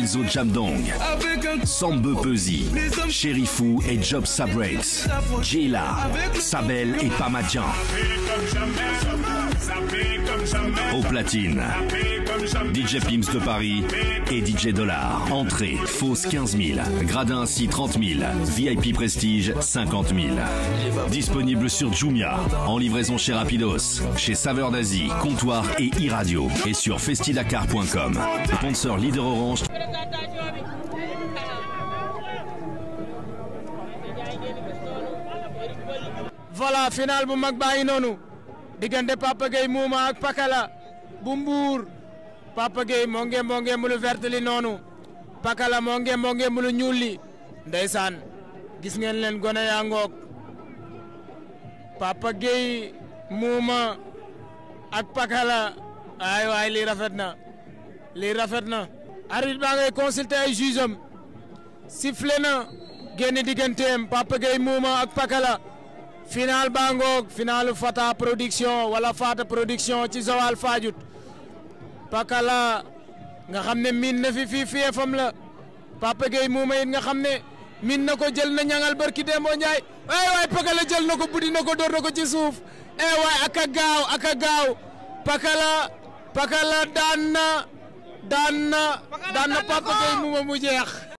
Miles O'Jamdong, Sambe Pesi, Sherifou et Job Sabrates, Jila, Sabel et Pamadjan. DJ Pimps de Paris et DJ Dollar. Entrée, fausse 15 000, gradin assis 30 000, VIP prestige Disponible sur Jumia, en livraison chez Rapidos, chez Saveur d'Asie, Comptoir et e et sur festidakar.com. Sponsor leader orange. voilà final bu mag baa ngi noonu Papa Gueye Mouma ak Pakala bu Mbour Papa Gueye moo nge moo nge mu lu vert noonu Pakala moo nge moo nge mu lu ñuul li ndeysaan gis ngeen leen gone yaa Papa Gueye muuma ak Pakala ay waay lii rafet na lii rafet na arbitre baa ngay consulter ay juge am sifflé na génn Papa Gueye muuma ak Pakala final baa ngoog finalu Fata production wala Fata production ci Joal Fadiouth Pakala nga xam ne miin na fi fii fiefam la Papa Gueye muuma nga xam ne miin na ko jël na ñangal barki Demba Ndiaye waay Pakala jël na ko buddi na ko door na ko ci suuf eh waay aka gaaw aka gaaw Pakala Pakala daan na daan na Papa Gueye muuma mu